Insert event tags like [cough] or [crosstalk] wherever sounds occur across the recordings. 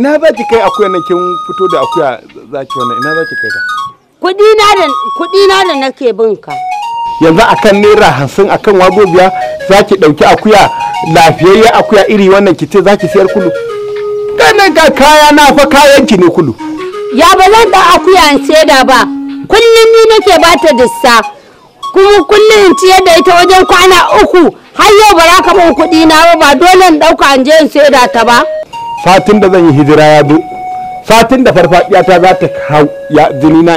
ina za ki kai akuya nan kin fito da akuya za ki wannan ina za ki kai ta kudi na da kudi na da nake bin ka yanzu akan naira hamsin akan wago biya za ki dauki akuya lafiyayya akuya iri wannan ki ce za ki siyar kulu kanan ka kaya na fa kayan ki ne kulu ya ba zan da akuya in da ba kullum ni nake bata dissa kuma kullum in ciyar da ita wajen kwana uku har yau ba za ka ban kuɗi na ba ba dole in ɗauka in je in da ta ba. satin da zan yi hijira ya zo satin da farfadiya ta za ta hau ya jini na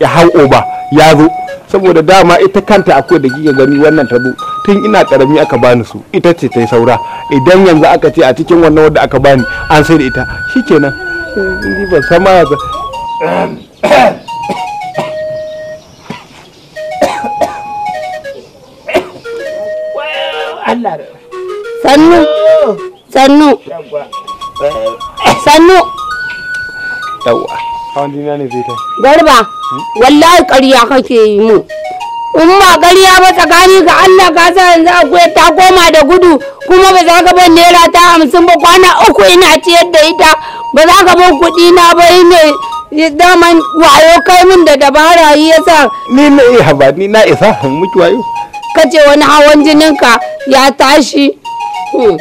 ya hau oba ya zo saboda dama ita kanta akwai da giga gani wannan ta zo tun ina karami aka bani su ita ce ta yi saura idan yanzu aka ce a cikin wannan wadda aka bani an sai da ita shi shikenan ni ban san ma sannu sannu sannu kawon dina ne zai garba wallahi ƙarya kake yi mu in ba ƙarya ba tsakani ga Allah ka sa yanzu akwai ta koma da gudu kuma ba za ka ban naira ta hamsin ba kwana uku ina ciyar da ita ba za ka ban kuɗi na ba ne daman wayo kai min da dabara yi sa ni na iya ba ni na isa mutu wayo ka ce wani hawan jininka ya tashi hmm.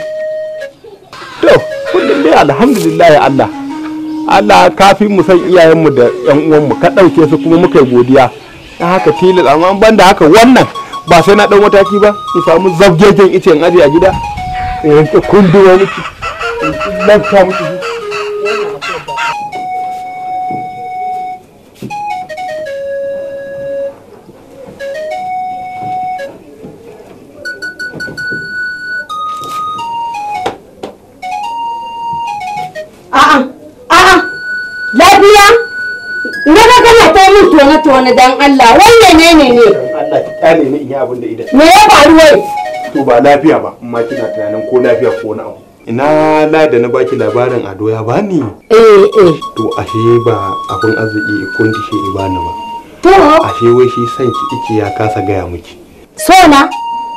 kullum dai alhamdulillah Allah Allah kafin mu san iyayenmu da yan uwanmu ka ɗauke su kuma muka yi godiya ta haka tilas amma ban da haka wannan ba sai na ɗan mataki ba in samu zabgegen ice in aje a gida eh, in rinke kunduwa miki in lafta ni dan Allah wannan ne ne ne Allah ki kyale ni in yi abin da idan me ya faru wai to ba lafiya ba amma kina tunanin ko lafiya ko wani abu ina da na baki labarin ado ya bani eh eh to ashe ba abin arziki kun dishe ibani ba to ashe wai shi san ki iki ya kasa gaya miki sona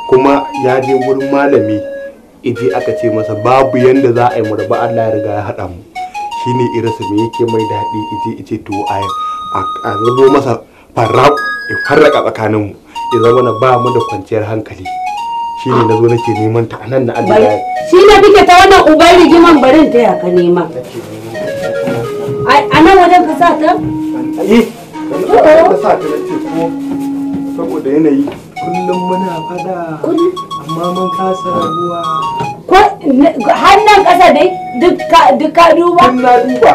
kuma ya je wurin malami iji aka ce masa babu yanda za a yi mu da Allah ya riga ya haɗa mu shine irasa me yake mai daɗi iji ice to a a masa farraku ya farraka tsakaninmu ya zama na ba mu da kwanciyar hankali shi ne na zo nake neman ta anan na allah adada shi ne kike ta wannan uban rigiman barin ta ya ka nema a nan wajen ka sa ta eh ka eh, sa ta nace ko saboda yanayi kullum muna fada amma mun kasa rabuwa ko har nan kasa dai duk ka duba kun na duba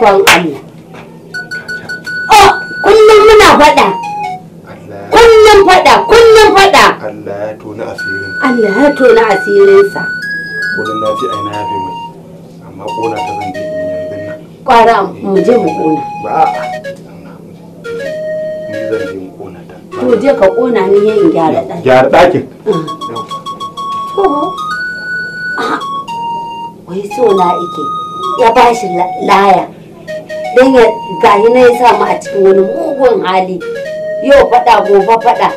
ikon Allah. Oh, kullum muna faɗa. Kullum faɗa, kullum faɗa. Allah ya tona asirinsa. Kudin na na mai, amma kona ta zan je in yanzu Kwara mu je mu kona. Ba a ni zan je mu kona ta. To je ka kona ni yin gyara ɗakin. Gyara ɗakin. Ah. Wai so na ike. ya bashi shi laya don ya gayi na ya mu a cikin wani mugun hali yau faɗa gobe faɗa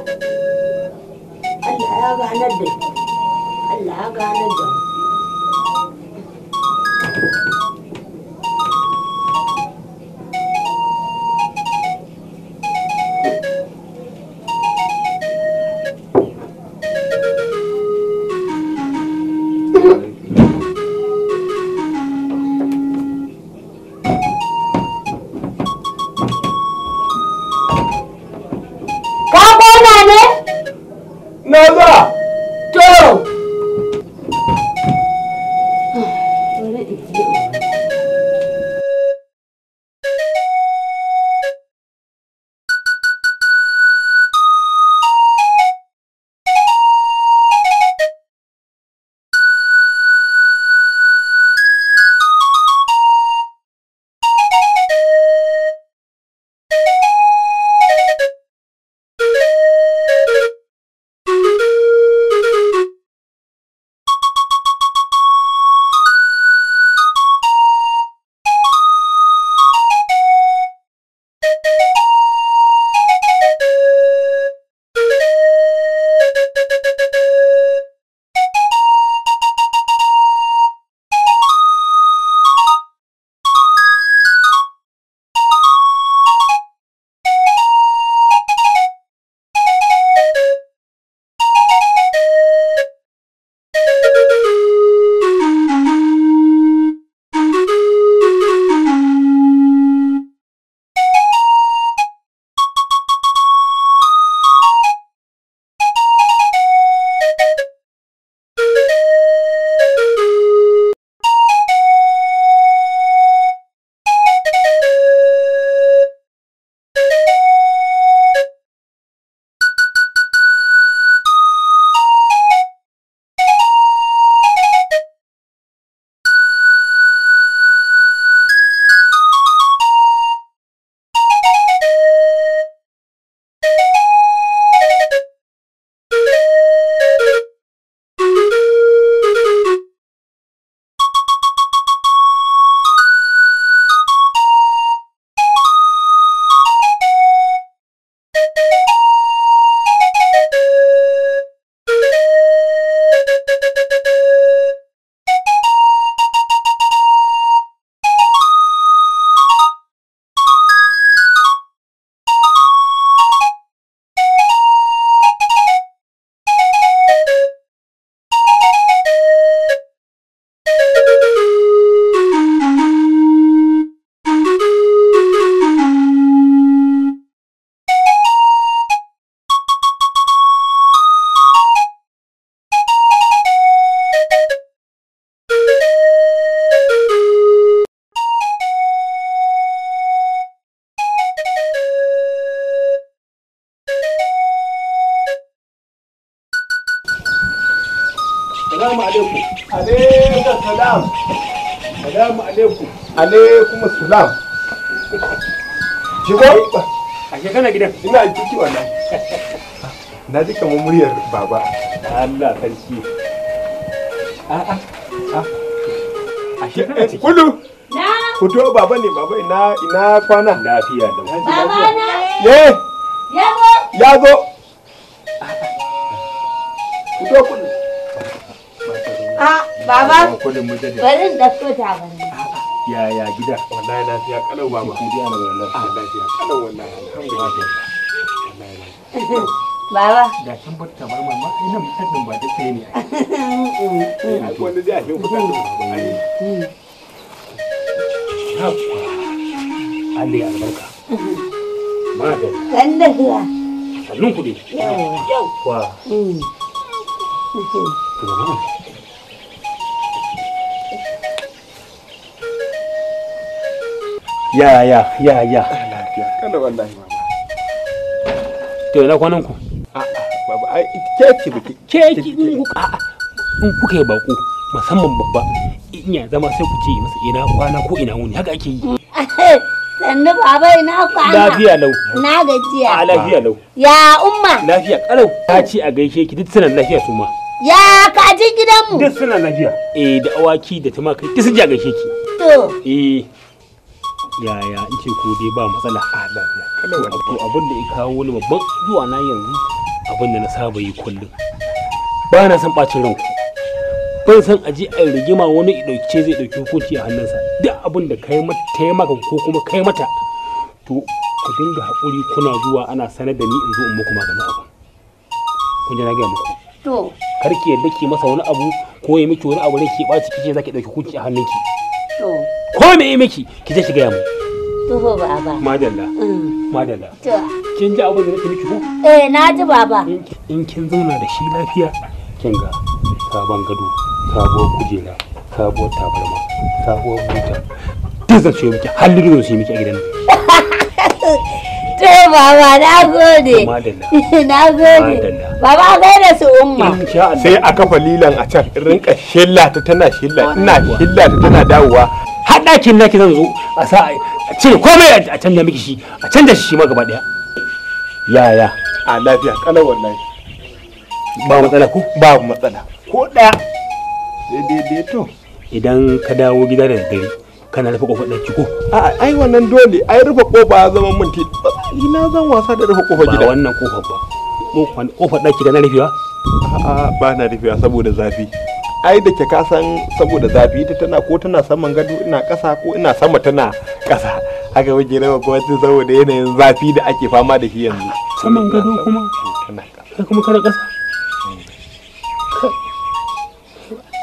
alaikum salam salamu shigo a ke kana gidan ina ciki wannan na ji kamar muryar baba Allah sarki a shi kana ciki kullu kudu. baba ne baba ina ina kwana lafiya da baba na ye ya zo ya zo Baba, bari in ɗauko ta Yaya gida? Wallahi lafiya kalau baba. Ah, lafiya kalau wallahi alhamdulillah. [laughs] Baba. Da kin bar ta bar nan ba ne. [laughs] Wanda zai Allah ya albarka. Dan da Sannun kuɗi. ya ya ya ya lafiya kana wallahi mama to ina kwanan ku a'a baba ai keki biki keki in ku a'a in kuka yi bako musamman babba in ya zama sai ku ce masa ina kwana ko ina wuni haka ake yi sannu baba ina kwana lafiya lau na gajiya a lafiya lau ya umma lafiya kalau ta ce a gaishe ki duk sanan lafiya su ma ya kaji gidanmu duk sanan lafiya eh da awaki da tumakai duk sun a gaishe ki to eh yaya in ce ko dai ba matsala a ah, lafiya to abin da ya kawo wani babban zuwa na yanzu abin da na saba yi kullum ba na san bacin ranku ban san je a rigima wani ɗauke zai dauki hukunci a hannunsa duk abin da kai mata maka ko kuma kai mata to ku dinga haƙuri kuna zuwa ana sanar da ni in zo in muku maganin abu kun ji na gaya muku to karki yadda ki masa wani abu ko ya miki wani abu da ke ɓaci kike zaki ɗauki hukunci a hannunki to ko me yi miki ki je shiga gaya mu toho baba madalla mm. madalla kin ji abin da nake miki ko eh na ji baba in kin zauna da shi lafiya kin ga sabon gado sabuwar kujera sabuwar tabarma sabuwar buta duk zan ce miki har da su yi miki a gidan [laughs] to baba na gode [laughs] na gode baba a da su umma sai aka kafa lilan a can rinka shilla ta tana shilla ina shilla ta tana dawowa har ɗakin naki zan zo a sa a cire komai a canja miki shi a canja shi ma gaba ɗaya yaya a lafiya kalau wallahi ba matsala ko ba matsala ko ɗaya daidai to idan ka dawo gida da dare kana rufe kofar ɗaki ko a ai wannan dole ai rufe kofa ya zama mun ina zan wasa da rufe kofar gida ba wannan kofar ba kofar ɗaki da na rufewa a ba na rufewa saboda zafi ai da ke kasan saboda zafi ita tana ko tana saman gado ina kasa ko ina sama tana kasa haka wajen rawa kuma tun saboda yanayin zafi da ake fama da shi yanzu saman gado kuma kai kuma kana kasa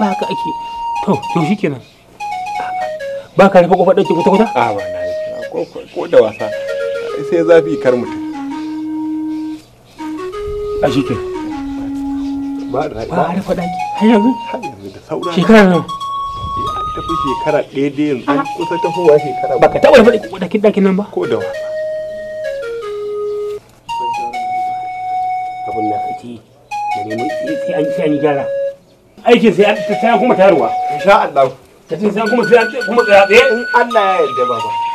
ba haka ake to to shi kenan ba ka rufe kofar ɗauke kwata-kwata a ba na ko da wasa sai zafi kar mutum a shi shikenan ba a rufe ɗaki har yanzu yanzu da saura shekara nawa ta fi shekara ɗaya da yanzu kusa ta fowa shekara ba ka taɓa da faɗi ɗakin nan ba ko da wasa abin na kaci da nemo sai an sai an gyara aikin sai ta kuma tarwa insha Allah ta sai kuma sai kuma tsaya in Allah ya yarda baba